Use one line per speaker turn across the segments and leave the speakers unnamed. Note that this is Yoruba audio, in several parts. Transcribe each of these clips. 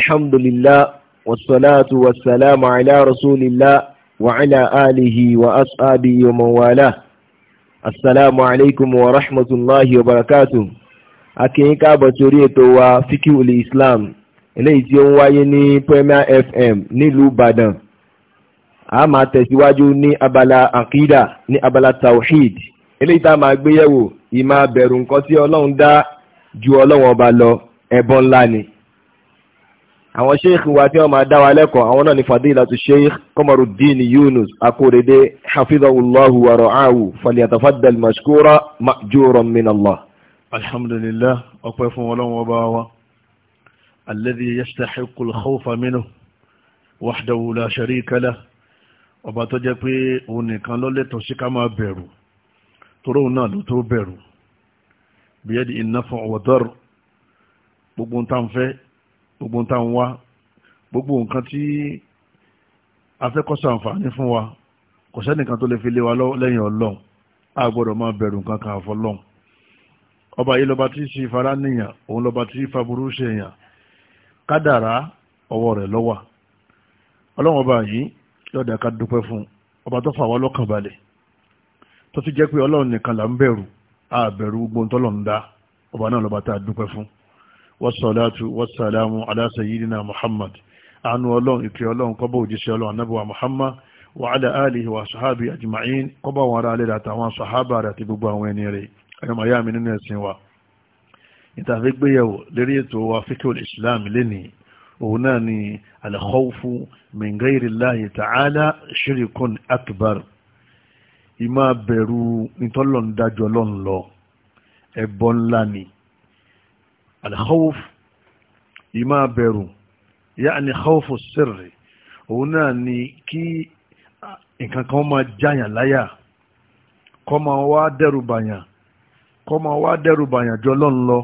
الحمد لله والصلاة والسلام على رسول الله وعلى آله وأصحابه ومن والاه السلام عليكم ورحمة الله وبركاته akínyínká bọ̀tòrí ètò wa fíkíù lè islam eléyìí tí ó ń wáyé ní Premier FM nílùú Ìbàdàn a máa tẹ̀síwájú ní abala akida ní abala tawhid eléyìí tá a máa gbéyẹ̀wò ìmá bẹ̀rù nǹkan tí Ọlọ́run dá ju Ọlọ́run ọba lọ ẹbọ ńlá ni àwọn sheikh wa tí wọ́n máa dá wa lẹ́kọ̀ọ́ àwọn náà ni fadilatu sheikh Qamaruddin Yunus Akorede hafidhahullahu wa ra'ahu falyatafaddal mashkura ma'juran min Allah.
alhamdulillah ọpẹ́ fún Ọlọ́run ọba wa alladhi yastahiqqu al-khawfa minhu wahdahu la sharika lah ọba tó jẹ́ pé òun nìkan ló lẹ́tọ̀ọ́ sí ká máa bẹ̀rù toró náà ló tó bẹ̀rù biyadi in-naf'u wa dar gbogbo ń tàn fẹ́ gbogbo ń táwọn wá gbogbo nǹkan tí afẹ́kọ́sọ àǹfààní fún wa kò sẹ́nìkan tó lè fi lé wa lẹ́yìn ọlọ́run a gbọ́dọ̀ máa bẹ̀rù nǹkan kan àfọlọ́run ọba yìí lọba tí í ṣe fara níyàn òun lọba tí í faburú ṣe èèyàn kádàrá ọwọ́ rẹ̀ lọ́wà ọlọ́run ọba yìí yọ̀dà ká dúpẹ́ fún ọba tó fà wá lọ́kàn balẹ̀ tó ti jẹ́ pé ọlọ́run nìkan là ń bẹ̀rù a bẹ̀rù gbogbo ntọ́lọ́run dá ọba náà lọba tá a dúpẹ́ fún wasalaatu wasalaamu ala sayyidina muhammad àánú ọlọ́run ìkẹ́ ọlọ́run kó bá òjíṣẹ́ ọlọ́run anábọ̀wá muhammad wa ala alihi wa sahabi ajma'in kó bá wọn ará alẹ́ àtàwọn sahaba rẹ̀ àti gbogbo àwọn ẹni rẹ̀ ẹ̀yọ́mọ̀ ayá mi nínú ẹ̀sìn wa ìtàfẹ́ gbéyàwó lérí ètò wa fíkẹ́ islam lénìí òun náà ni alkhawfu min ghayri ta'ala shirkun akbar ìmá bẹ̀rù nítọ́lọ́ndájọ́ lọ́nlọ́ ẹ̀bọ ńlá ni. alkhawf ìmá bẹ̀rù ni khawfu sirri òun náà ni kí nǹkan kan máa jáyàn láyà kọ́ wá dẹ́rù bàyàn kọ́ máa wá jọ lọ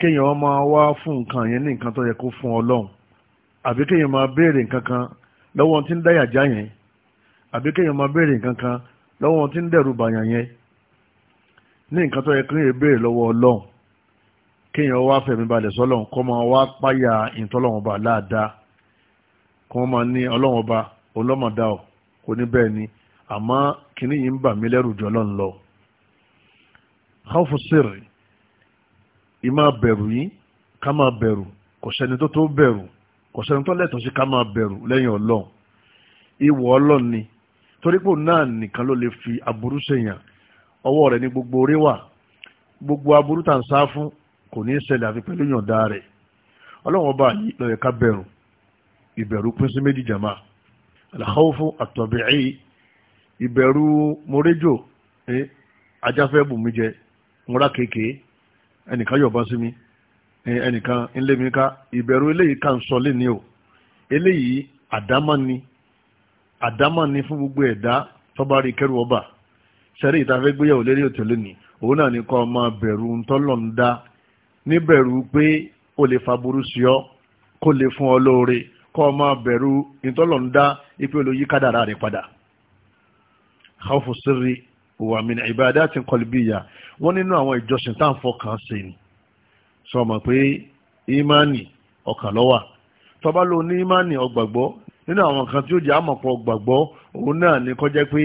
kéèyàn máa wá fún nǹkan yẹn ní nǹkan tó fún ọlọ́run àbí kéèyàn máa béèrè nǹkan kan lọ́wọ́ ń dáyà yẹn àbí kéèyàn máa béèrè nǹkan kan lọ́wọ́ ń bàyàn ọlọ́run kéèyàn wá fẹ̀mí balẹ̀ sọ́lọ́run kọ́ máa wá páyà ìtọ́lọ́run ọba láàdáa kọ́ máa ní ọlọ́run ọba ọlọ́mọdá ọ̀ kò ní bẹ́ẹ̀ ni àmọ́ kìnní yìí ń bà mí lẹ́rù jọ lọ́n lọ. káfùsìrì ìmá bẹ̀rù yín ká máa bẹ̀rù kò sẹ́ni tó tó bẹ̀rù kò sẹ́ni tó lẹ́tọ̀ọ́ sí ká máa bẹ̀rù lẹ́yìn ọlọ́run ìwọ ọlọ́run ni torí pé náà nìkan ló lè fi aburú sèyàn ọwọ́ rẹ̀ ní gbogbo orí wà gbogbo aburú tà ń sá fún kò ní ṣẹlẹ̀ àfi pẹ̀lú yọ̀ǹda rẹ̀ ọlọ́run ọba yìí ló yẹ ká bẹ̀rù ìbẹ̀rù pín sí méjì jàmá al-khawfu at-tabi'i ìbẹ̀rù morejo eh, ajáfẹ́ bù mí jẹ múra kéèké ẹnìkan yọ̀bá sí mi eh, ẹnìkan ńlẹ́mìíká ìbẹ̀rù eléyìí o eléyìí ni ni fún gbogbo ẹ̀dá tọ́ba rí kẹrù ọba sẹ́rí ìtafẹ́ gbéyàwó lérí ni òun náà kọ́ máa bẹ̀rù níbẹ̀rù pé o lè fa sí ọ kó lè fún ọ lóore kọ́ ọ máa bẹ̀rù ìtọ́lọ̀ ń dá ipe olóyí kádàrá rẹ̀ padà. khawfu ti wa min ibadatin qalbiyya wọ́n nínú àwọn ìjọsìn tá à ń fọkàn sí ni sọ ma pé ìmánì ọkàn lọ́wà tọ́ba ló ní ìmánì ọgbàgbọ́ nínú àwọn nǹkan tí ó jẹ́ àmọ̀pọ̀ gbàgbọ́ òun náà ni kọjá pé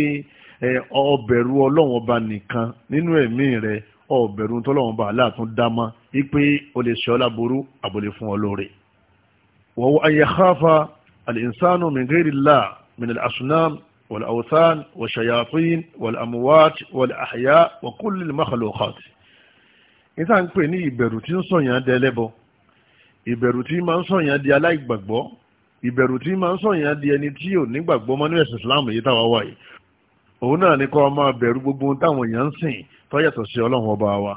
ọbẹ̀rù ọlọ́run ọba nìkan nínú ẹ̀mí rẹ. ọ̀bẹ̀rù tọ́lọ́wọ́n bá aláàtún dámá wípé o lè ṣọ́ láború àbòlé fún ọlọ́rẹ. wọ́n ayé hafa alìsánù mìgírìlá mìnàlá asunam wàl'àwòsán wàṣàyàfín wàl'àmúwát wàl'àhàyá wàkúlìl makalokat. níta ń pè ní ìbẹ̀rù tí ń sọ̀yàn dẹ́lẹ́bọ ìbẹ̀rù tí máa ń sọ̀yàn di aláìgbàgbọ́ ìbẹ̀rù tí máa ń sọ̀yàn di ẹni tí ò nígbàgbọ́ mọ́ ní ẹ̀sìn yìí táwa wáyé òun náà ní kọ́ máa bẹ̀rù gbogbo táwọn èèyàn ń sìn tọ́yàtọ̀ sí ọlọ́run ọba wa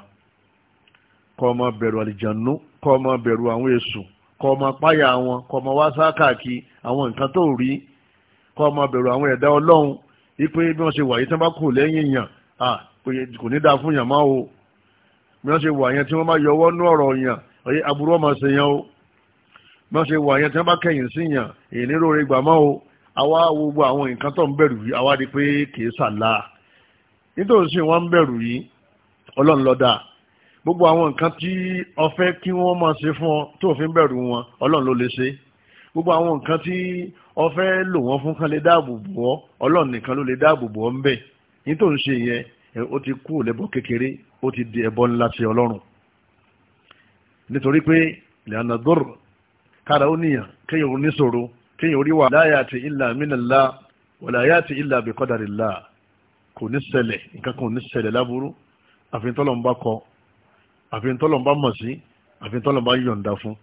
kọ́ ọmọ bẹ̀rù àlìjànú kọ́ ọmọ bẹ̀rù àwọn èṣù kọ́ ọmọ páyà wọn kọ́ ọmọ wá sákàkí àwọn nǹkan tó rí kọ́ ọmọ bẹ̀rù àwọn ẹ̀dá ọlọ́run ipe bí wọ́n ṣe wà yìí tí wọ́n bá kù lẹ́yìn yàn kò ní dáa fún yàn máa o bí wọ́n ṣe wà yẹn tí wọ́n bá yọwọ́ nú ọ̀rọ̀ yàn ọ̀yẹ́ aburú ọmọ ṣe yàn o bí wọ́n ṣe wà yẹn tí wọ́n bá kẹ̀yìn sí yàn èyí nírò rẹ̀ gbà o àwa gbogbo àwọn nǹkan tó ń bẹ̀rù yìí àwa di pé kì sàlá nítòsí wọn ń bẹ̀rù yìí ọlọ́run ló dá gbogbo àwọn nǹkan tí o fẹ́ kí wọ́n máa ṣe fún ọ tó fi ń bẹ̀rù wọn ọlọ́run ló lè ṣe gbogbo àwọn nǹkan tí o fẹ́ lò wọ́n fún kan lè dáàbò bò ọ́ ọlọ́run nìkan ló lè dáàbò bò ọ́ ń bẹ̀ nítòsí yẹn ó ti kú òlẹ́bọ kékeré ó ti di ẹbọ ńlá sí ọlọ́run nítorí pé lẹ́yìn àdúrà kára ó níyàn kéèyàn oníṣòro kéèyàn orí láyà àti ìlà mínàlá kò ní ṣẹlẹ̀ nǹkan kan ò ní ṣẹlẹ̀ láburú àfihàn tọ́lọ̀ ń bá kọ àfihàn tọ́lọ̀ ń bá mọ̀ sí àfihàn tọ́lọ̀ ń bá yọ̀ǹda fún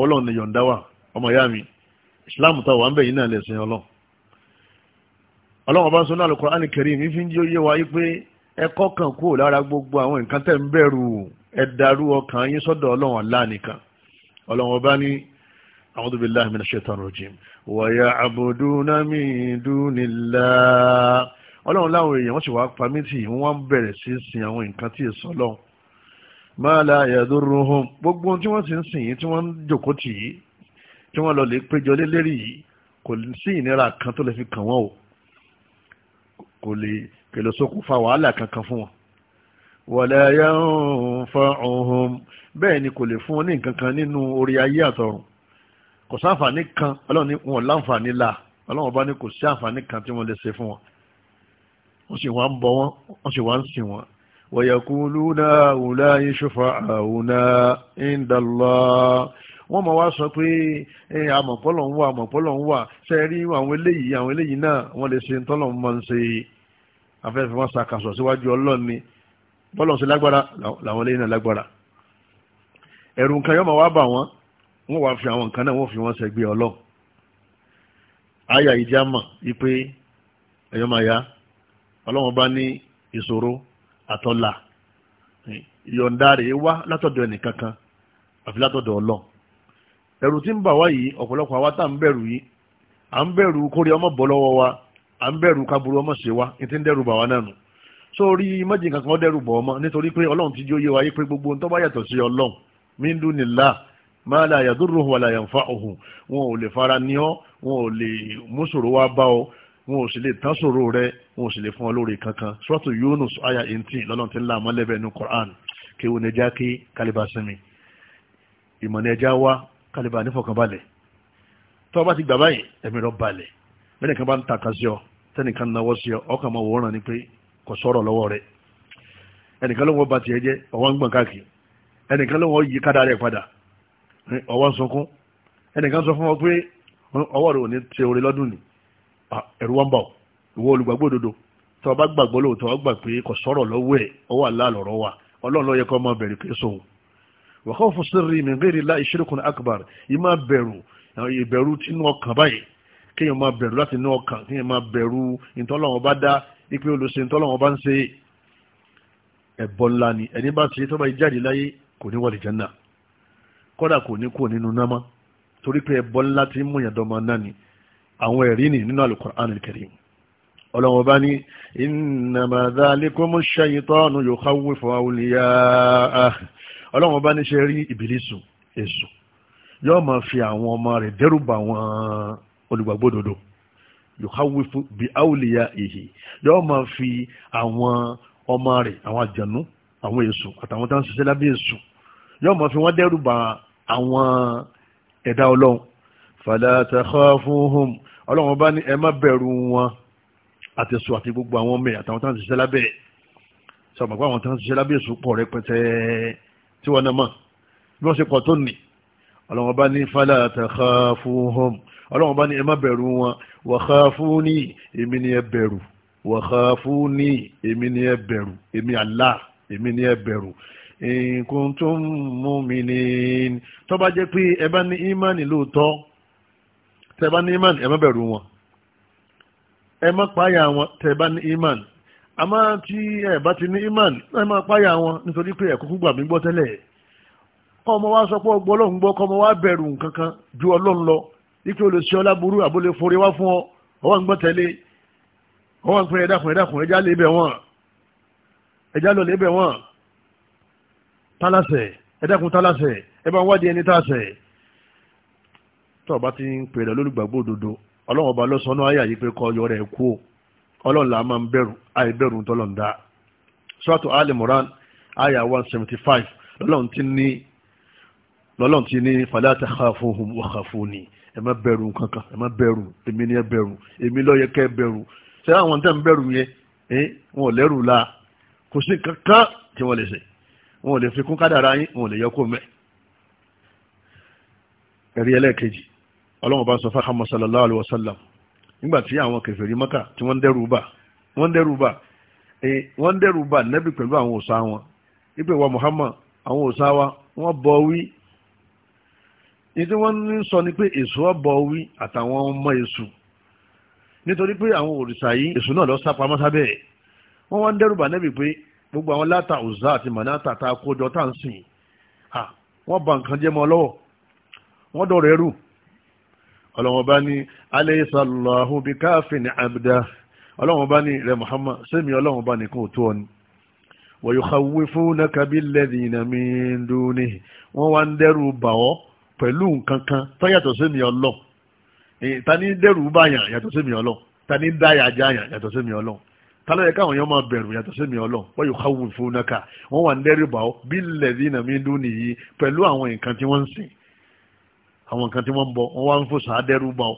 ọlọ́run ni yọ̀ǹda wà ọmọ ìyá mi islam ta wà ń bẹ̀ yín náà lẹ́sìn ọlọ́run ọlọ́run ọba sọ náà Al-Qur'an Karim mi fi ń jí ó yé wa pé ẹkọ́ kan kúrò lára gbogbo àwọn nǹkan tẹ̀ ń bẹ̀rù ẹ darú ọkàn yín sọ́dọ̀ ọlọ́run ọ̀la nìkan ọlọ́run ọba ní a'udhu billahi minash shaitanir rajim wa ya'buduna min dunillah ọlọ́run láwọn èèyàn wọ́n sì wá pamítì wọ́n bẹ̀rẹ̀ sí sin àwọn nǹkan tí èso ọlọ́run máa la yadurruhum gbogbo tí wọ́n sì ń sìn yìí tí wọ́n ń jòkó tì yìí tí wọ́n lọ lè péjọ lé lérí yìí kò sí ìnira kan tó lè fi kàn wọ́n o kò lè kèlò ṣokùnfà wàhálà kankan fún wọn wala yanfa'uhum bẹ́ẹ̀ ni kò lè fún wọn ní nǹkan kan nínú orí ayé àtọ̀run kò sáǹfààní kan ọlọ́run ní wọn láǹfààní là ọlọ́run bá ní kò sí àǹfààní kan tí wọ́n lè ṣe fún wọn wọ́n sì wá ń bọ wọ́n wọ́n sì wá ń sìn wọ́n wa yaquluna ulai shufa'auna inda Allah wọ́n mọ̀ wá sọ pé àmọ̀pọ́lọ̀ ń wà àmọ̀pọ́lọ̀ ń wà ṣe rí àwọn eléyìí àwọn eléyìí náà wọ́n lè ṣe tọ́lọ̀ ń máa ń ṣe afẹ́fẹ́ wọn ṣàkàṣọ̀ síwájú ọlọ́run bọ́lọ̀ ń lágbára làwọn eléyìí náà lágbára ẹ̀rù nǹkan yọ́mọ̀ wá bà wọ́n wọ́n wá fi àwọn nǹkan náà wọ́n fi wọ́n ṣẹgbẹ́ ọlọ́run àyà ìdí àmọ̀ ipe ẹ̀yọ́mọ̀ ya ọlọ́run bá ní ìṣòro àtọ́là ìyọ̀ǹda rẹ̀ wá látọ̀dọ̀ ẹnìkankan àfi látọ̀dọ̀ ọlọ́ ẹ̀rù tí ń bà wá yìí ọ̀pọ̀lọpọ̀ àwa tá à ń bẹ̀rù yìí à ń bẹ̀rù kórè ọmọ bọ́ lọ́wọ́ wa à ń bẹ̀rù ọmọ ṣe wa ní ti ń dẹ́rù bà wá nánu sórí méjì kankan dẹ́rù bọ̀ ọmọ ti jó yé wa yé gbogbo ntọ́ bá yàtọ̀ sí ọlọ́run min dunillah ma la wọn ò lè fara ní ọ wọn ò sì lè tán sòro rẹ wọn ò sì lè fún ọ lórí kankan suratu Yunus aya eighteen lọ́nà tí ń la àmọ́lẹ́bẹ̀ ní Qur'an kéwu ní ẹja kí kálíbà sinmi ìmọ̀ ní ẹja wá kálíbà nífọ̀kànbalẹ̀ tó o bá ti gbà báyìí ẹ̀mí rọ balẹ̀ bẹ́ẹ̀ bá ń takà sí ọ tẹ́nìkan náwó sí ọ ọkàn máa wòran ni pé kò sọ̀rọ̀ lọ́wọ́ rẹ ẹnìkan ló ń wọ́n ba tiẹ̀ jẹ́ ọwọ́ ń gbọ̀n káàkiri ẹnìkan ló ń wọ́n yí kádà rẹ̀ padà ọwọ́ ń sunkún ẹnìkan sọ fún ọ pé ọwọ́ rẹ ò ní ṣe oore lọ́dún nìí ẹ̀rù wọn bá ọ ìwọ olùgbàgbọ́ òdodo tí wọn bá gbàgbọ́ lóòótọ́ wọn gbà pé kò sọ̀rọ̀ lọ́wọ́ ẹ̀ ọwọ́ àlá lọ̀rọ̀ wa ọlọ́run ló yẹ kó máa bẹ̀rù késo wa khawfu sirri min ghayri la shirkun akbar yìí máa bẹ̀rù eh, ìbẹ̀rù tinú ọkàn báyìí kéèyàn máa bẹ̀rù láti inú ọkàn kéèyàn máa bẹ̀rù ìtọ́lọ́wọ́n bá dá ipe olùsè ìtọ́lọ́wọ́n bá ń ṣe ẹ̀bọ ńlá ni ẹni bá ṣe tó bá yí jáde láyé kò ní wọlé jẹ́nà kódà kò ní kú nínú náà mọ́ torí pé ẹ̀bọ ńlá ti ń múyàn dọ́mọ náà ni àwọn ẹ̀rí ni nínú al-Qur'an al-Karim ọlọ́wọ́n bá ní innama dhalikumu ash-shaytanu yukhawwifu awliya'ah ọlọ́wọ́n bá ní ṣe rí ìbílísù èṣù yóò máa fi àwọn ọmọ rẹ̀ dẹ́rùbà àwọn olùgbàgbódodo yukhawwifu bi awliya'ihi yóò máa fi àwọn ọmọ rẹ̀ àwọn àjànú àwọn èṣù àtàwọn tó ń ṣiṣẹ́ lábẹ́ èṣù yóò máa fi wọ́n dẹ́rùbà àwọn ẹ̀dá ọlọ́run fala takhafuhum ọlọ́run bá ní ẹ má bẹ̀rù wọn àti sùn àti gbogbo àwọn ọmọ ẹ̀ àtàwọn táwọn ṣiṣẹ́ lábẹ́ ẹ̀ sọ̀rọ̀ pé àwọn táwọn ṣiṣẹ́ lábẹ́ èso pọ̀ rẹpẹtẹ tí wọ́n náà mọ̀ bí wọ́n ṣe pọ̀ tó nì ọlọ́run bá ní fala takhafuhum ọlọ́run bá ní ẹ má bẹ̀rù wọn wa khafuni èmi ni ẹ bẹ̀rù wa khafuni èmi ni ẹ bẹ̀rù èmi Allah èmi ni ẹ bẹ̀rù in kuntum mu'minin tó bá jẹ́ pé ẹ bá ní ìmánì lóòótọ́ tẹ́ bá ní imán ẹ má bẹ̀rù wọn ẹ má páyà wọn tẹ́ bá ní imán àmọ́ tí ẹ bá ti ní imán ẹ má páyà wọn nítorí pé ẹ̀kọ́ gbà mí gbọ́ tẹ́lẹ̀ kọ́ ọmọ wa sọ pé ọgbọ́ ọlọ́run gbọ́ kọ́ ọmọ wa bẹ̀rù kankan ju ọlọ́run lọ ike olùsí ọlábùrú àbólé forí wá fún ọ ọwọ́ ń gbọ́ tẹ́lẹ̀ ọwọ́ ń pín ẹ̀dàkùn ẹ̀dàkùn ẹja lè bẹ̀ wọ́n ẹja lọ lè bẹ̀ wọ́n tálàsẹ̀ ẹ̀dàkùn tálàsẹ̀ ẹ bá wádìí ẹni tálàsẹ̀ tó bá ti ń pèrè lólùgbàgbọ́ òdodo ọlọ́run ọba lọ́sàn án àyà yìí pé kọ́ ọyọ rẹ̀ kú o ọlọ́run là máa ń bẹ̀rù àìbẹ̀rù tọ́lọ́run dá sọ́ọ̀tù ali moran àyà one seventy five lọ́lọ́run ti ní lọ́lọ́run ti ní fala takhafuhum wa khafuni ẹ má bẹ̀rù kankan ẹ má bẹ̀rù èmi ni ẹ bẹ̀rù èmi ló yẹ kẹ́ bẹ̀rù ṣé àwọn tẹ́ ń bẹ̀rù yẹn eh, wọn ò lẹ́rù la kò sí kankan tí wọ́n lè ṣe wọn ò lè fi kún kádàrá yín wọn ò lè yọ kó mẹ́ ẹ̀rí ẹlẹ́ẹ̀kejì ọlọ́run bá sọ fún Muhammad sallallahu alayhi wa sallam nígbà tí àwọn kèfèrí Mákà tí wọ́n dẹ́rù bà wọ́n dẹ́rù bà wọ́n dẹ́rù bà nẹ́bì pẹ̀lú àwọn òòṣà wọn ìpè wa Muhammad àwọn òòṣà wa wọ́n bọ̀ wí ní tí wọ́n ń sọ ni pé èṣù ọ̀bọ̀ wí àtàwọn ọmọ èṣù nítorí pé àwọn òrìṣà yìí èṣù náà lọ sá pamọ́ sábẹ́ ẹ̀ wọ́n wá ń dẹ́rù bà nẹ́bì pé gbogbo àwọn látà òòṣà àti ọlọ́wọ́n bá ní alaysa Allahu bi káfin abdah ọlọ́wọ́n bá ní rẹ̀ Muhammad sẹ́mi ọlọ́wọ́n bá nìkan tó ọ ni wa yukhawwifunaka billadhina min dunihi wọ́n wá ń dẹ́rù bà ọ́ pẹ̀lú nǹkan kan tó yàtọ̀ sẹ́mi ọlọ́ ta ní dẹ́rù báyàn yàtọ̀ sẹ́mi ọlọ́ ta ní dáyà jáyàn yàtọ̀ sẹ́mi ọlọ́ ta yẹ káwọn yẹn máa bẹ̀rù yàtọ̀ sẹ́mi ọlọ́ wa yukhawwifunaka wọ́n wá ń dẹ́rù bà ọ́ billadhina min dunihi pẹ̀lú àwọn nǹkan tí wọ́n ń sìn àwọn kan tí wọ́n ń bọ̀ wọ́n wá ń fò sàádẹ́rù bọ̀ ọ́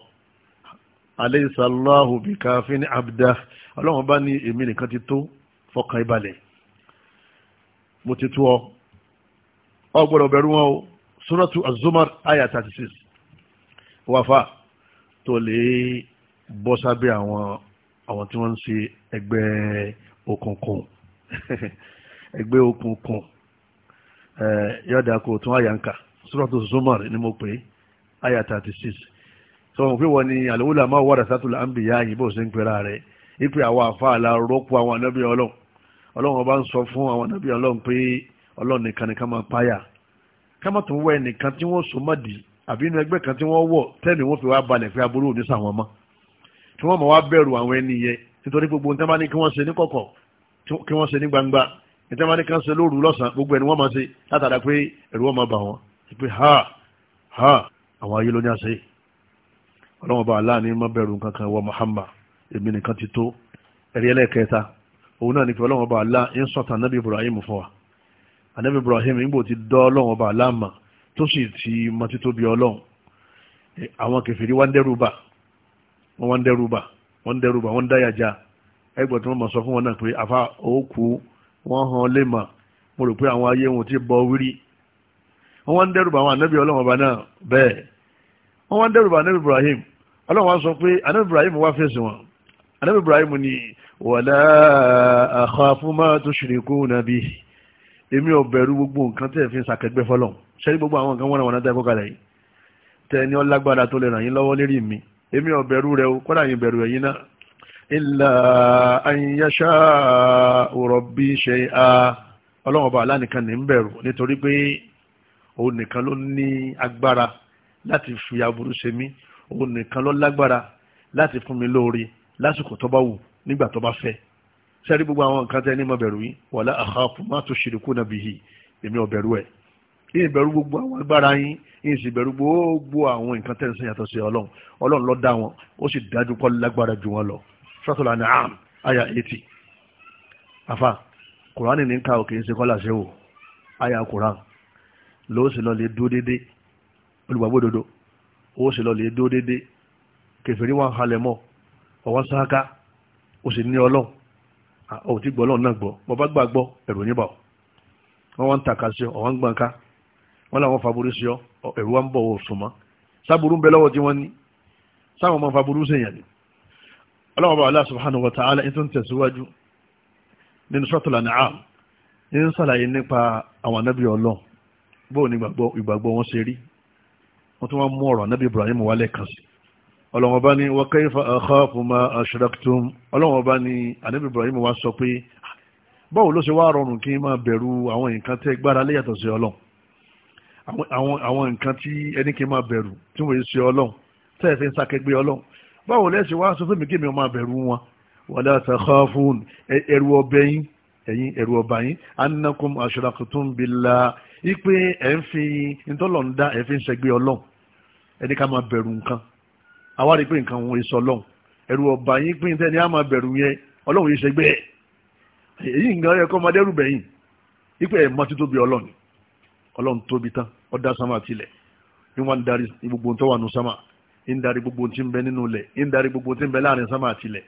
aleyhisalahu bi káfíń abdá ọlọ́run bá ní èmi nìkan ti tó fọkàn ìbalẹ̀ mo ti tó ọ ọ gbọ́dọ̀ bẹ̀rù wọn o suratu azumar aya thirty six wàfà tó lè bọ́ sábẹ́ àwọn àwọn tí wọ́n ń ṣe ẹgbẹ́ òkùnkùn ẹgbẹ́ òkùnkùn yọ̀dà kò tún àyànká suratu Azumar ni mo pè é aya 36. six sọ wọn ni àlùwòlà máa wàdà sátúlà ń bìyà yìí bó ṣe ń pera rẹ̀ ipe àwọn àfàlà rọ́pò àwọn anábì ọlọ́run ọlọ́run ọba ń sọ fún àwọn anábì ọlọ́run pé ọlọ́run nìkan nìkan máa páyà kámọ́ tó ń wọ ẹnìkan tí wọ́n so mọ́ di àbí inú ẹgbẹ́ kan tí wọ́n wọ̀ tẹ́ẹ̀mì wọ́n fi wá balẹ̀ pé aburú òní sàwọn mọ́ tí wọ́n mọ̀ wá bẹ̀rù àwọn ẹni yẹn nítorí gbogbo nǹkan bá ní kí wọ́n ṣe ní kọ̀kọ̀ kí wọ́n ṣe ní gbangba nǹkan bá ní kí wọ́n ṣe lóru lọ́sàn gbogbo ẹni wọ́n máa ṣe látara pé ẹ̀rù wọn máa bà wọ́n pé ha ha àwọn ayé ló ní àṣẹ ọlọ́wọ́n bá aláàánú má bẹ̀rù kankan wọ Muhammad èmi nìkan ti tó ẹ̀rí ẹlẹ́ẹ̀kẹta òun náà ní pé ọlọ́wọ́n bá aláà ń sọ̀tàn anábì Ibrahim fún wa anábì Ibrahim ń bò ti dọ́ ọlọ́wọ́n bá aláà mà tó sì ti mọ títóbi ọlọ́wọ́n àwọn kẹfìrí wá ń dẹ́rù bà wọ́n wá ń dẹ́rù bà wọ́n ń dẹ́rù bà wọ́n ń dáyà já ẹgbẹ́ tí wọ́n mọ̀ sọ fún wọn náà pé àfa òkú wọ́n hàn lè mà mo rò pé àwọn ayé wọn ti bọ wírí wọ́n wá ń bà àwọn anábì ọlọ́wọ́n bá náà bẹ́ẹ̀ wọ́n wá ń dẹ́rùbà anabi ibrahim ọlọ́run wá sọ pé anabi ibrahim wá fèsì wọn anabi ibrahim ni wàlá àkàfù máa tó ṣìrìkú nàbí èmi ò bẹ̀rù gbogbo nǹkan tẹ́ fi ń sàkẹgbẹ́ fọlọ́ ṣẹ́rí gbogbo àwọn nǹkan wọ́n náà tẹ́kọ́ kalẹ̀ yìí tẹ́ni ọlágbára tó lè ràn yín lọ́wọ́ lérí mi èmi ò bẹ̀rù rẹ o kọ́dà yín bẹ̀rù ẹ̀yin náà illa an yasha láti fi aburú ṣe mí òun nìkan ló lágbára láti fún mi lóore lásìkò tó bá wù nígbà tó bá fẹ́ sẹ́rí gbogbo àwọn nǹkan tẹ́ ní mo bẹ̀rù yín wala akhafu ma tushrikuna bihi èmi ò bẹ̀rù ẹ̀ yìí bẹ̀rù gbogbo àwọn agbára yín yìí sì bẹ̀rù gbogbo àwọn nǹkan tẹ́ ń sìn yàtọ̀ sí ọlọ́run ọlọ́run ló dá wọn ó sì dájú kọ́ lágbára ju wọn lọ Suratul An'am àyà eighty afa kùránì ní ká òkè ń ṣe kọ́lá ṣe wò àyà kùrán lóòsì lọ lè dúró déédéé olùgbàgbọ́ òdodo owó sì lọ lè dúró déédéé kẹfìrí wọn halẹ̀ mọ́ ọwọ́ sáká ó sì ní ọlọ́run ó ti gbọ́ ọlọ́run náà gbọ́ bọ́ bá gbàgbọ́ ẹ̀rù níbà wọ́n wá ń tàka sí ọ ọ̀wọ́n ń gbọ̀nká wọ́n làwọn faburú sí ọ ẹ̀rù wa ń bọ̀ òsùn mọ́ sábúrú ń bẹ lọ́wọ́ tí wọ́n ní sáwọn ọmọ faburú sèyàn ni ọlọ́wọ́ bá Allah subhanahu wa ta'ala ẹni tó ń tẹ̀síwájú nínú suratul An'am ní ń sàlàyé nípa àwọn anábì ọlọ́run bóun wọ́n tún wá mú ọ̀rọ̀ anábì ibrahim wálé kan sí ọlọ́wọ́n bá ní wa kayfa akhafu ma ashraktum ọlọ́wọ́n bá ní anábì ibrahim wá sọ pé ah, báwo ló ṣe wá rọrùn kí n máa bẹ̀rù àwọn nǹkan tẹ́ gbára lé yàtọ̀ sí ọlọ́run àwọn nǹkan tí ẹni kí n máa bẹ̀rù tí wọ́n ṣe ọlọ́run tẹ́ ẹ fi ń sakẹgbẹ́ ọlọ́run báwo lẹ́ ṣe wá sọ fún mi kí mi máa bẹ̀rù wọn wala takhafun ẹ̀rù ọbẹ̀ yín ẹ̀yin ẹ̀rù ọba yín annakum ashraktum billah ipe ẹ̀ ń fi ntọ́lọ̀ ń dá ẹ̀ fi ń ṣẹgbẹ́ ọlọ́run ẹni ká máa bẹ̀rù nǹkan àwa pé nǹkan òun èso ọlọ́run ẹ̀rù ọ̀bà yín pín tẹ́ni á máa bẹ̀rù yẹn ọlọ́run yìí ṣẹgbẹ́ ẹ̀ èyí nǹkan ẹ̀kọ́ máa dẹ́rù bẹ̀yìn wípé ẹ̀ tóbi tán sámà tilẹ̀ gbogbo tó wà nù sámà ń gbogbo tí ń bẹ nínú ń gbogbo tí ń bẹ láàrin sámà tilẹ̀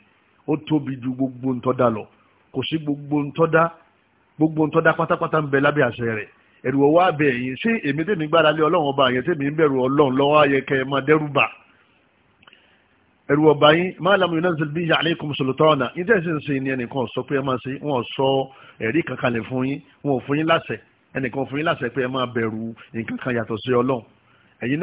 ó tóbi ju gbogbo ntọ́da lọ kò sí ẹ̀rù ọwọ́ abẹ ẹ̀yìn ṣé èmi tèmi gbára lé ọlọ́run ọba yẹn tèmi ń bẹ̀rù ọlọ́run lọ́wọ́ ayẹ kẹ́ ẹ máa dẹ́rù bà ẹ̀rù ọba yín máa lamu yunifásitì bí yàrá ikú mùsùlùtọ́ọ̀nà yín tẹ̀sí ń sin ní ẹnìkan sọ pé ẹ máa ṣe wọn sọ ẹ̀rí kankan lè fún yín wọn ò fún yín láṣẹ ẹnìkan fún yín láṣẹ pé ẹ máa bẹ̀rù nǹkan kan yàtọ̀ sí ọlọ́run ẹ̀yin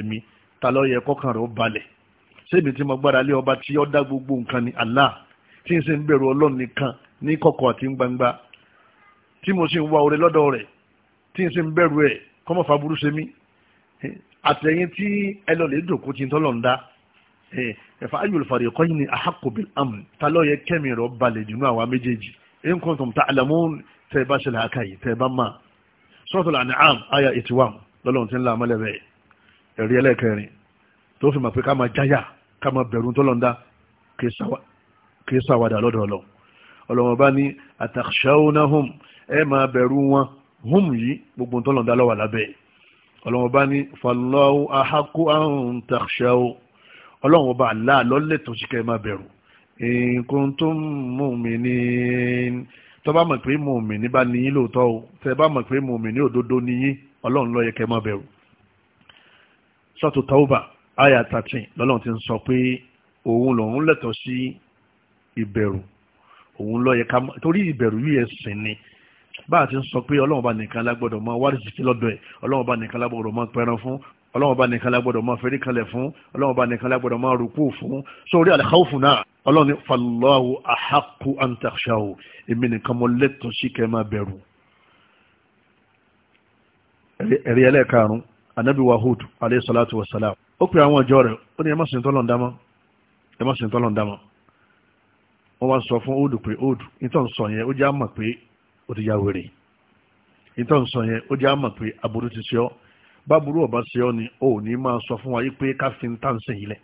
náà ta ló yẹ kọ́kàn rẹ̀ ó balẹ̀ ṣebí tí mo gbára lé ọba tí ó dá gbogbo nǹkan ni Allah tí n sì ń bẹ̀rù ọlọ́run nìkan ní kọ̀kọ̀ àti gbangba tí mo sì ń wá oore lọ́dọ̀ rẹ̀ tí n sì ń bẹ̀rù ẹ̀ kọ́mọ̀ faburú ṣe mí àtẹ̀yìn tí ẹ lọ lè dòkó tí n tọ́lọ̀ ń dá ẹ̀fà ayul fariqayni ahaqqu bil amn ta ló yẹ kẹ́mi rọ̀ balẹ̀ jù náà àwa méjèèjì in kuntum ta'lamun tẹ́ ẹ bá ṣẹlẹ̀ àkàyè tẹ́ bá máa suratul an'am ẹ̀rí ẹlẹ́kẹrin tó fi mọ̀ pé ká máa jáyà ká máa bẹ̀rù tó lọ́ndà kì í sàwádà lọ́dọ̀ ọlọ́ ọlọ́mọba ní àtàkṣáwónáhùn ẹ máa bẹ̀rù wọn hùm yìí gbogbo tó lọ́ndà lọ́wà lábẹ́ ọlọ́mọba ní fallahu ahaku ahun tàkṣáwó ọlọ́mọba Allah lọ́lẹ̀ tó sì kẹ́ máa bẹ̀rù in kuntum mu'minin tó bá mọ̀ pé mùmìnì bá níyín lóòótọ́ o tẹ́ bá mọ̀ pé mùmìnì òdodo níyín ọlọ́run ló yẹ kẹ́ máa bẹ̀rù sọ́tù tauba aya thirteen lọ́lọ́run ti ń sọ pé òun lòun lẹ́tọ̀ọ́ sí ìbẹ̀rù òun ló yẹ ká torí ìbẹ̀rù yìí ẹ̀sìn ni bá a ti ń sọ pé ọlọ́run bá nìkan lágbọ́dọ̀ máa wá rìsìkí lọ́dọ̀ ẹ̀ ọlọ́run bá nìkan lágbọ́dọ̀ máa pẹran fún ọlọ́run bá nìkan lágbọ́dọ̀ máa fẹ́rí kalẹ̀ fún ọlọ́run bá nìkan lágbọ́dọ̀ máa rúkú fún sórí àlẹ́kàwọ́fù náà ọlọ́run ní fallahu ahaku èmi nìkan mo lẹ́tọ̀ọ́ sí kẹ́ máa bẹ̀rù ẹ̀rí ẹlẹ́ẹ̀karùn anabi wahud alayhi salatu wa salam ó pe àwọn ọjọ́ rẹ̀ ó ní ẹ má sìn tọ́lọ̀ ń dámọ́ ẹ má sìn tọ́lọ̀ ń dámọ́ wọ́n wá sọ fún Hud pé Hud nítorí sọ yẹn ó jẹ́ àmọ̀ pé ó ti ya wèrè nítorí sọ yẹn ó jẹ́ àmọ̀ pé aburú ti ṣe ọ́ báburú ọ̀bá ṣe ọ́ ni ó ní máa sọ fún wa yí pé ká fi ń tà ń sìn yìí lẹ̀.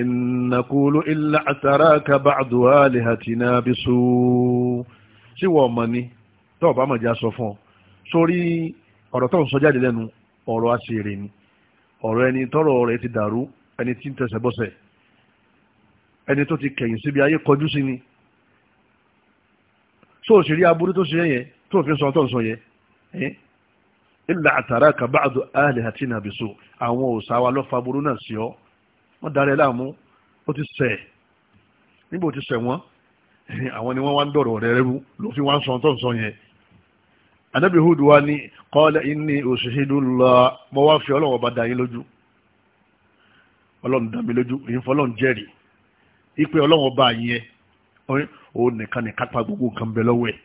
ìnàkúlù ilà àtàràkà bá àdùá lè hàtì ni tọ́ọ̀ bá mọ̀ já sọ fún ọ ọ̀rọ̀ tó ń sọ jáde lẹ́nu ọ̀rọ̀ àṣírí ni ọ̀rọ̀ ẹni tọ́rọ̀ ti dàrú ẹni tí ń tẹsẹ̀ bọ́sẹ̀ ẹni tó ti kẹ̀yìn síbi ayé kọjú sí ni tó o sì rí aburú tó ṣe yẹn tó o fi sọ tó ń sọ yẹn ilà àtàrà kàbáàdù àlè àti nàbìsọ àwọn òòsà wa lọ fa aburú náà sí ọ wọn darí ẹ láàmú ó ti ṣẹ̀ ti wọn àwọn ni wọn wá ń rẹ rú ló fi wá ń sọ tó ń sọ yẹn anabi hud wa ni qala inni ushhidullah mo wá fi ọlọ́run ọba dá yín lójú ọlọ́run dá mi lójú èyí fọ́ ọlọ́run jẹ́rìí ipe ọlọ́run ọba yẹn òun nìkan nìkan pa gbogbo nǹkan bẹ lọ́wọ́ ẹ̀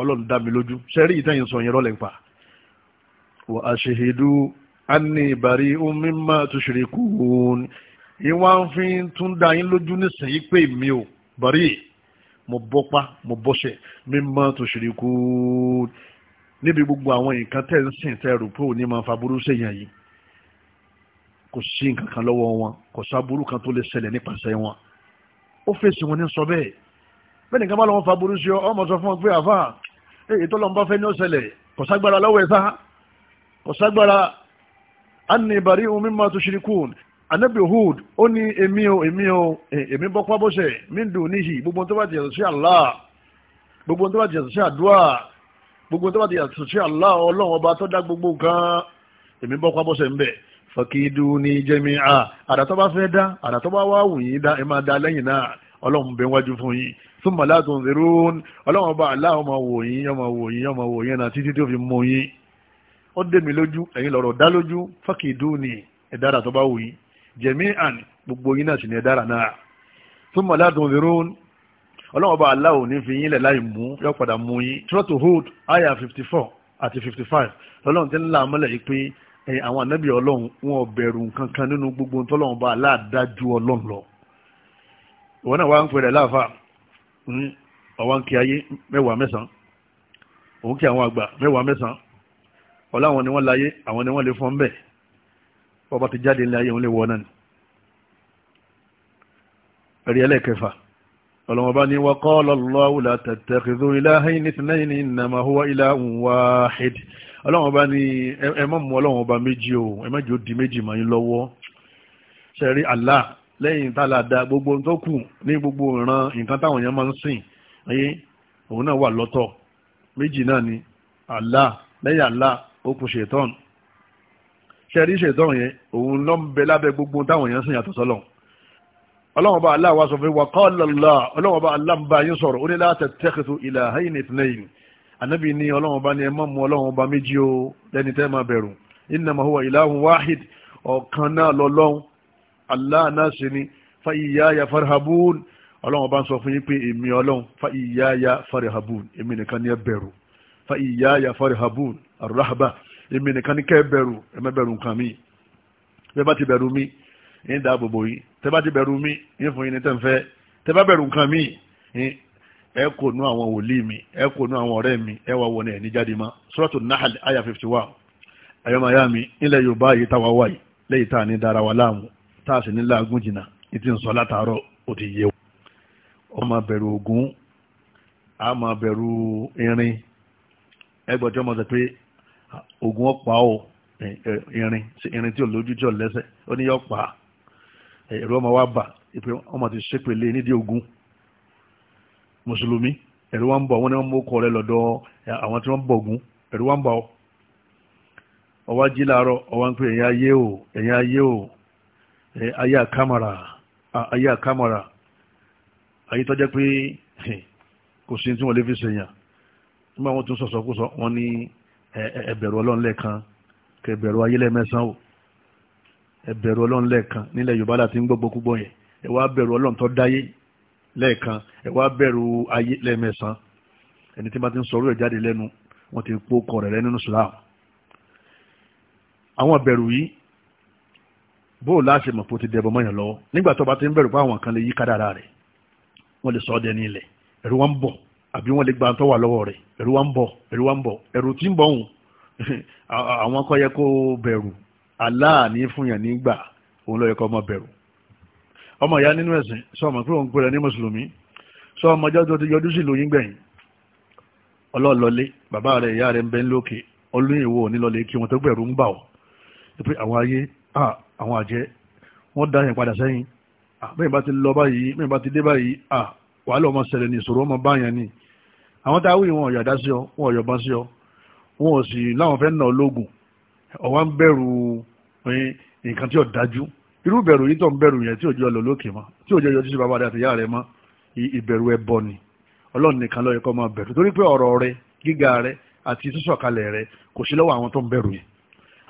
ọlọ́run dá mi lójú sẹ́rí ìtẹ́yìn sọ yẹn rọ́lẹ̀ pa wa ashhidu anni bari'un mimma tushrikun ìwọ̀n fi tún dá yín lójú nísìnyí pé mi ò bàrí yìí mo bọ́pá mo bọ́ṣẹ̀ mímọ́ tó ṣe kú níbi gbogbo àwọn nǹkan tẹ́ ń sìn tẹ́ rò pé òní máa fa burú sèyàn yìí kò sí nǹkan kan lọ́wọ́ wọn kò sábúrú kan tó lè ṣẹlẹ̀ nípasẹ̀ wọn ó fèsì wọn ní sọ bẹ́ẹ̀ bẹ́ẹ̀ nìkan bá lọ́wọ́ fa burú sí ọ ọmọ sọ fún wọn pé àfà eh, èyí tó lọ́n bá fẹ́ ní ọ̀sẹ̀lẹ̀ kò ságbára lọ́wọ́ ẹ̀ sá kò ságbára anni bari'un mimma tushrikun anabi Hud ó ní èmi o èmi o eh, èmi bọ́pá bọ́sẹ̀ mi ń dùn níyì gbogbo tó bá ti yàtọ̀ sí Allah gbogbo tó bá ti yàtọ̀ sí àdúrà gbogbo tó bá ti yàtọ̀ sí Allah ọlọ́run ọba tó dá gbogbo gan èmi bọ́pá bọ́sẹ̀ ń bẹ̀ fàkìdù ní jẹ́mi à àdá tó bá fẹ́ dá àdá tó bá wá wù yín dá ẹ máa dá lẹ́yìn náà ọlọ́run bẹ wájú fún yín súnmọ́ látún zerún ọlọ́run ọba Allah máa wò yín yó máa wò yín yó máa wò yín náà títí tó fi mú yín ó dé mi lójú ẹ̀yin lọ́rọ̀ dá lójú fàkìdù ní ẹ̀dá àdá tó bá wù yín jẹ̀míàn gbogbo yín náà sì ní ẹ̀dára náà fún mọ̀ládùn ìrún ọlọ́wọ́n bá aláwo ní fi yín lẹ̀ láì mú yọ padà mú yín trọ́tò hood aya fifty four àti fifty five lọ́lọ́run ti ń là mọ́lẹ̀ yìí pé ẹ̀yìn àwọn ànábì ọlọ́run wọn ò bẹ̀rù nǹkan kan nínú gbogbo tọ́lọ́run bá aláàdájú ọlọ́run lọ. ìwọ náà wá ń pèrè láàfà ọwọ́ ń kí ayé mẹ́wàá mẹ́sàn-án òun kí àwọn àgbà mẹ́wàá mẹ́sàn-án ọ̀la ni wọ́n láyé àwọn ni wọ́n lè fọ́n bẹ́ẹ̀ bọ́bá ti jáde ilé ayé òun lè wọ náà ni ẹ̀rí ẹlẹ́kẹfà ọlọ́mọba ni wa qala Allahu la tattakhidhu ilahayni ithnayni innama huwa ilahun wahid ọlọ́mọba ni ẹ má mú ọlọ́mọba méjì o ẹ má jò di méjì mọ́ yín lọ́wọ́ ṣẹ̀rí Allah lẹ́yìn tá a la da gbogbo tó kù ní gbogbo ìran nǹkan táwọn èèyàn máa ń sìn ayé òun náà wà lọ́tọ̀ méjì náà ni Allah lẹ́yìn Allah ó kù ṣètọ́nù ṣẹ́rí ṣètọ́n yẹn òun ló ń bẹ lábẹ́ gbogbo táwọn èèyàn sìn yàtọ̀ sọ́lọ̀ ọlọ́run bá Allah wa sọ fún wa qala Allah ọlọ́run bá Allah ń bá yín sọ̀rọ̀ ó ní la tattakhizu ilahayni ithnayn ànábì ní ọlọ́run bá ní ẹ má mú ọlọ́run bá méjì o lẹ́ni tẹ́ máa bẹ̀rù innama huwa ilahun wahid ọ̀kan náà lọ́lọ́run Allah náà ni fa iyaya farhabun ọlọ́run bá ń sọ fún yín pé èmi ọlọ́run fa iyaya farhabun èmi èmi nìkan ní kẹ́ ẹ bẹ̀rù ẹ má bẹ̀rù nǹkan mi tẹ́ bá ti bẹ̀rù mi ń da bòbò yìí tẹ́ bá ti bẹ̀rù mi ń fún yín ní tẹ̀fẹ́ tẹ́ bá bẹ̀rù nǹkan mi ẹ kò nú àwọn wòlíì mi ẹ kò nú àwọn ọ̀rẹ́ mi ẹ wà wọnà ẹ̀ ní jáde ma suratu nahal aya fifty one ayọ̀mọ̀yá mi ilẹ̀ yorùbá yìí táwa wà yìí lẹ́yìn tá a ní dára wa láàmú tá a sì ní láàgùn jìnnà ìtì ń sọ látàárọ̀ ó ti yẹ ọ máa bẹ̀rù ògún a máa bẹ̀rù irin ẹgbẹ̀jọ́ mọ̀ sọ ogun ọ̀pá o irin irin tí ò lójú tí ò lẹ́sẹ̀ ó ní yọ pa ẹ̀rọ ọmọ wa bà ìpè ọmọ ti ṣépele nídìí ogun mùsùlùmí ẹ̀rọ wa ń bọ̀ wọ́n ní wọ́n mú kọ́ rẹ lọ́dọ̀ àwọn tí wọ́n ń bọ̀gún ẹ̀rọ wa ń bọ̀ ọwọ́ jí láàárọ̀ ọwọ́ ń pè ẹ̀yà ayé o ẹ̀yà ayé o ayé àkàmàrà ayé àkàmàrà ayé tọ́jẹ́ pé kò sí tí wọ́n lè fi ṣèyàn nígbà wọn tún sọ̀sọ́kùsọ wọn ní ẹbẹ̀rù ọlọ́run lẹ́ẹ̀kan kẹbẹ̀rù ayé lẹ́ẹ̀mẹ́sàn o ẹbẹ̀rù ọlọ́run lẹ́ẹ̀kan nílẹ̀ yorùbá láti ń gbọ́gbọ́ púpọ̀ yẹn ẹ wá bẹ̀rù ọlọ́run tó dáyé lẹ́ẹ̀kan ẹ wá bẹ̀rù ayé lẹ́ẹ̀mẹ́sàn ẹni tí bá ti ń sọ orí jáde lẹ́nu wọ́n ti pó kọ̀ rẹ̀ nínú sùlá àwọn bẹ̀rù yìí bó láṣẹ mọ̀ pé ó ti dẹbọ mọ́yàn lọ́wọ́ nígbà tó àbí wọ́n lè gba tó wà lọ́wọ́ rẹ̀ ẹ̀rù wa ń bọ̀ ẹ̀rù wa ń bọ̀ ẹ̀rù tí ń bọ̀ hùn àwọn kò yẹ kó bẹ̀rù aláàní fún yàn nígbà òun ló yẹ kó má bẹ̀rù ọmọ ìyá nínú ẹ̀sìn sọ ọmọ pé òun pèrè ní mùsùlùmí sọ ọmọ jọjọ ti yọjú sí lóyún gbẹ̀yìn ọlọ́ọ̀lọ́lé bàbá rẹ̀ ìyá rẹ̀ ń bẹ lókè olóyìn ìwò wàhálà ọmọ ṣẹlẹ̀ ní ìṣòro ọmọ báyẹn ni àwọn tá a wí wọn ọ̀yọ̀dá sí ọ wọn ọ̀yọ̀bọ̀n sí ọ wọn ò sì láwọn fẹ́ nà ọ lóògùn ọ̀wá ń bẹ̀rù nǹkan tí ò dájú irú bẹ̀rù yìí tó ń bẹ̀rù yẹn tí òjò ọlọ lókè mọ́ tí òjò yọjú sí bàbá rẹ àti ìyá rẹ mọ́ ìbẹ̀rù ẹbọ ni ọlọ́run nìkan ló yẹ máa bẹ̀rù torí pé ọ̀rọ̀ rẹ gíga rẹ àti sísọ̀kalẹ̀ rẹ kò sí lọ́wọ́ àwọn tó ń bẹ̀rù yẹn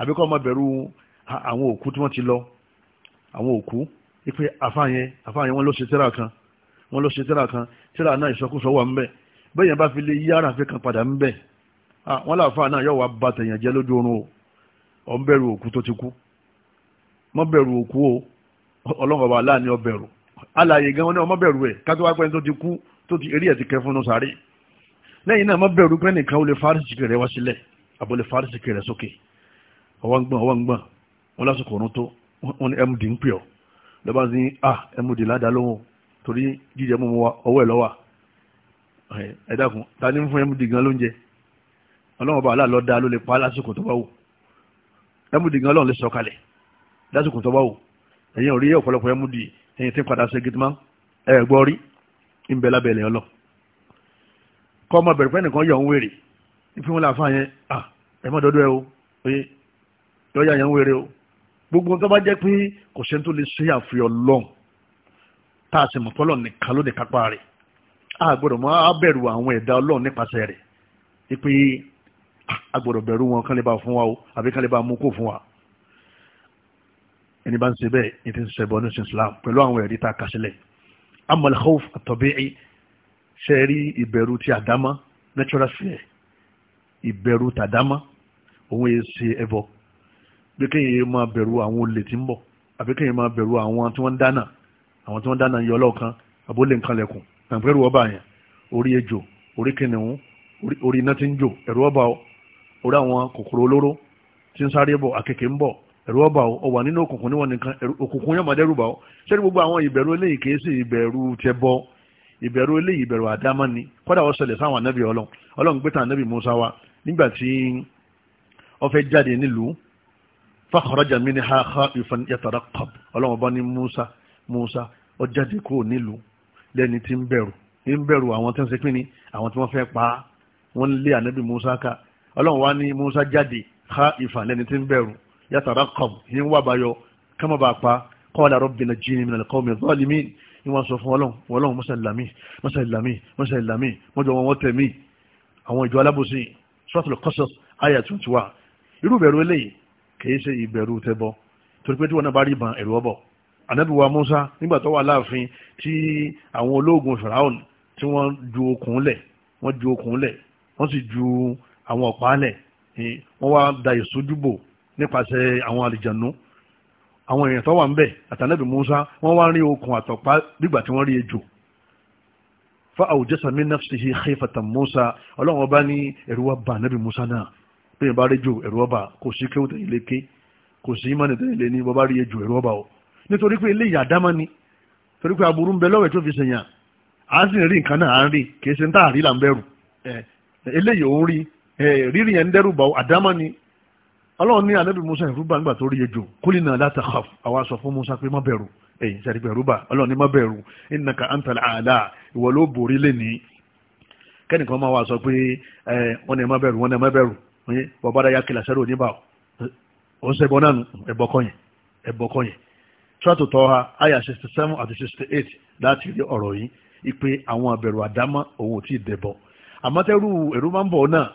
àbí kó máa bẹ̀rù àwọn òkú tí wọ́n ti lọ àwọn òkú wípé àfáàyẹn àfáàyẹn wọn ló ṣe tẹ́ra kan wọn ló ṣe tíra kan tíra náà ìṣọkúsọ wà ń bẹ bẹ́yẹn bá fi lè yí àràfin kan padà ń bẹ ah, wọn láàfáà náà yóò wá ba tẹ̀yàn jẹ́ lójú oorun o ò ń bẹ̀rù òkú tó ti kú mọ́ bẹ̀rù òkú o ọlọ́run ọba aláàní ọ bẹ̀rù alàyè gan wọn ní ọmọ bẹ̀rù ẹ̀ kátó wá pẹ́ tó ti kú tó ti eré ẹ̀ ti kẹ́ fún sáré lẹ́yìn náà mọ́ bẹ̀rù pé nìkan ó lè fárísìkì rẹ̀ wá sílẹ̀ àbò lè fárísìkì rẹ̀ sókè ọwọ́n gbọ́n wọn lásìkò ọ̀run tó wọn ní md ń pè ọ́ lọ́ba ní ah md ládàá lóhùn torí jíjẹ mú wa ọwọ́ ẹ̀ lọ́wà ẹ dákun ta ni fún ẹmúdì gan lóúnjẹ ọlọ́run bá aláàlọ́ dá ló lè pa lásìkò tó bá wò ẹmúdì gan ọlọ́run lè sọ kalẹ̀ lásìkò tó bá wò ẹ̀yìn orí ọ̀pọ̀lọpọ̀ ẹmúdì ẹ̀yìn tí ń padà sí gidimá ẹ̀ gbọ́ rí ń bẹ lábẹ́lẹ̀ ọlọ́ kọ́ ọmọ bẹ̀rẹ̀ pẹ́ nìkan yọ̀ ń wèrè ìfihàn láàfáà yẹn ah ẹ̀ mọ́ dọ́dọ́ ẹ o pé lọ́ọ̀yà yẹn ń wèrè o gbogbo tó bá jẹ́ pé kò tá a sì mọ̀ fọlọ́ nìkan ló ní kápá rẹ̀ a gbọ́dọ̀ mọ́ a bẹ̀rù àwọn ẹ̀dá ọlọ́run nípasẹ̀ rẹ̀ ipe ah, a gbọ́dọ̀ bẹ̀rù wọn kán lè bá fún wa o àbí kán lè bá mú kó fún wa ẹni bá ń ṣe bẹ́ẹ̀ ní ti ń ṣẹbọ ní sin Islam pẹ̀lú àwọn ẹ̀rí tá a kà sílẹ̀ amal khawf at-tabi'i ṣe rí ìbẹ̀rù ti àdámá natural fear ìbẹ̀rù tàdámá òun yẹn ṣe ẹbọ bí kéèyàn máa bẹ̀rù àwọn olè tí ń bọ̀ àbí kéèyàn máa bẹ̀rù àwọn tí wọ́n dáná àwọn tí wọ́n dáná yọ ọlọ́ọ̀kan àbólé nǹkan lẹ̀kùn pẹ̀mpẹ́rù ọba yẹn orí ejò orí kìnìún orí iná tí ń jò ẹ̀rù ọba o orí àwọn kòkòrò olóró tí ń sáré bọ̀ àkèké ń bọ̀ ẹ̀rù ọba o ọwà nínú òkùnkùn níwọ̀n nìkan òkùnkùn yóò máa dẹ́rù bà o ṣé ní gbogbo àwọn ìbẹ̀rù eléyìí kìí sí ìbẹ̀rù tẹ bọ́ ìbẹ̀rù eléyìí ìbẹ̀rù àdámọ́ ni kọ́dà wọ́n ṣẹlẹ̀ sáwọn anábì ọlọ́run ọlọ́run gbé tàn anábì Musa wa nígbà tí ó fẹ́ jáde nílùú fakhraja minha khaifan yatarqab ọlọ́run ọba ní Musa Musa ó jáde kúrò nílùú lẹ́ni tí ń bẹ̀rù ń bẹ̀rù àwọn tí wọ́n ṣe pín ní àwọn tí wọ́n fẹ́ pa á wọ́n lé ànábì Musa ká ọlọ́run wá ní Musa jáde ká ìfà lẹ́ni tí ń bẹ̀rù yàtàrà kọ̀m ní wà báyọ kọ́mọ bá pa kọ́ọ̀dà rabbina jini minal qawmi zalimin ni wọ́n sọ fún ọlọ́run ọlọ́run mọ́sá ìlàmí mọ́sá ìlàmí mọ́sá ìlàmí mọ́jọ wọn wọ́n tẹ̀mí àwọn ìjọ alábòsí suratul Qasas àyà tuntun wa irú ìbẹ̀rù eléyìí kì í ṣe ìbẹ̀rù tẹ́bọ torí pé tí wọn náà bá rí ìbọn ẹ̀rù ọbọ̀ anabiwa musa nígbà tó wà láàfin tí àwọn ológun firaun tí wọ́n ju okùn lẹ̀ wọ́n ju okùn lẹ̀ wọ́n sì ju àwọn ọ̀pá lẹ̀ wọ́n wá da ìsójúbò nípasẹ̀ àwọn àlìjànú àwọn èèyàn tó wà ń bẹ̀ àtànàbì musa wọ́n wá rí okùn àtọ̀pá nígbà tí wọ́n rí ejò fa awjasa min nafsihi khifatan musa ọlọ́run ọba ní ẹ̀rù wa bà ànábì musa náà bí ìbá rí ejò ẹ̀rù ọba kò sí kéwù tẹ̀yìn léke kò sí ìmánì tẹ̀yìn ní bọ́ bá rí ejò ẹ̀rù ọba o nítorí pé eléyìí àdámọ́ ni torí pé aburú ń bẹ lọ́wọ́ ẹ̀ tó fi ṣèyàn á sì rí nǹkan náà á ń rí kìí ṣe ń tà rí là ń bẹ̀rù eléyìí òun rí rírì yẹn ń dẹ́rù bá ni ọlọ́run ní anábì musa ìrúbà nígbà tó rí ejò kólínà la takhaf àwa sọ fún musa pé má bẹ̀rù èyí sẹ́ni bẹ̀rù bá ọlọ́run ní má bẹ̀rù innaka antal aala ìwọ ló borí lẹ́ni kẹ́nìkan máa wà sọ pé wọ́n ní má bẹ̀rù wọ́n ní má bẹ̀rù bọ́bá kìlà sẹ́rù oníbà ó tíwátò tọ́ha àyà sixty seven àti sixty eight láti rí ọ̀rọ̀ yìí ìpè àwọn àbẹ̀rù àdámọ́ òun ò tí ì dẹ̀bọ àmọ́tẹ́rù èrú máa ń bọ̀ náà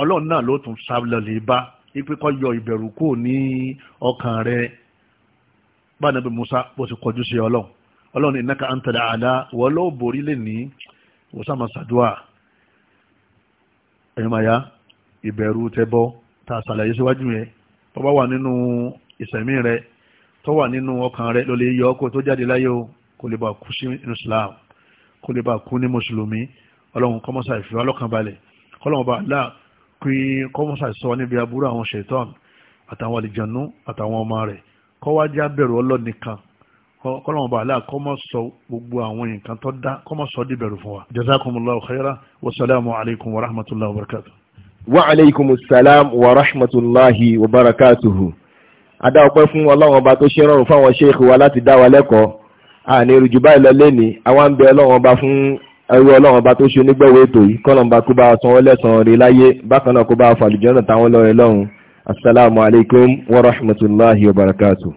ọlọ́run náà ló tún sábẹ́lẹ̀ bá ìpè kọ́ yọ ìbẹ̀rù kò ní ọkàn rẹ bá nàbẹ Musa bó ti kọjú sí ọlọ́run ọlọ́run ìnáka à ń tẹ̀lé àdá wọ́n ló borí lè ní wòsàmà sàdúà ẹ̀yìn màyá ìbẹ̀rù tẹ́bọ́ tá a ṣàlàyé síwájú yẹn bọ́ bá wà nínú ìsẹ̀mí rẹ̀ tó wà nínú ọkàn rẹ ló lè yọ ọkọ tó jáde láyé o kò lè bá kú sí islam kò lè bá kú ní mùsùlùmí ọlọ́run kọ́mọ́sà ìfẹ́ ọlọ́kànbalẹ̀ kọ́lọ́run bá là kí kọ́mọ́sà sọ níbi aburú àwọn ṣètọ́n àtàwọn àlìjànú àtàwọn ọmọ rẹ̀ kọ́wájá bẹ̀rù ọlọ́nìkan kọ́lọ́run bá là kọ́mọ́sọ gbogbo àwọn nǹkan tó dá kọ́mọ́sọ dìbẹ̀rù fún wa. jazakumullahu khairan wasalaamu alaykum wa rahmatulahi wa barakatuhu.
wa alaykum salaam wa rahmatulahi wa barakatuhu adá ọpẹ́ fún ọlọ́run ọba tó ṣe rọrùn fáwọn ṣéèkì wa láti dá wa lẹ́kọ̀ọ́ àní rújú báyìí lọ lẹ́ni àwa ń bẹ ọlọ́run ọba fún ẹrú ọlọ́run ọba tó ṣe onígbọ̀wọ́ ètò yìí kọ́lọ̀ bá kó bá san wọ́n lẹ́sàn rí láyé bákan náà kó bá fàlùjọ́nà táwọn lọ́rẹ̀ lọ́run asalaamualeykum wa rahmatulahi wa barakatu.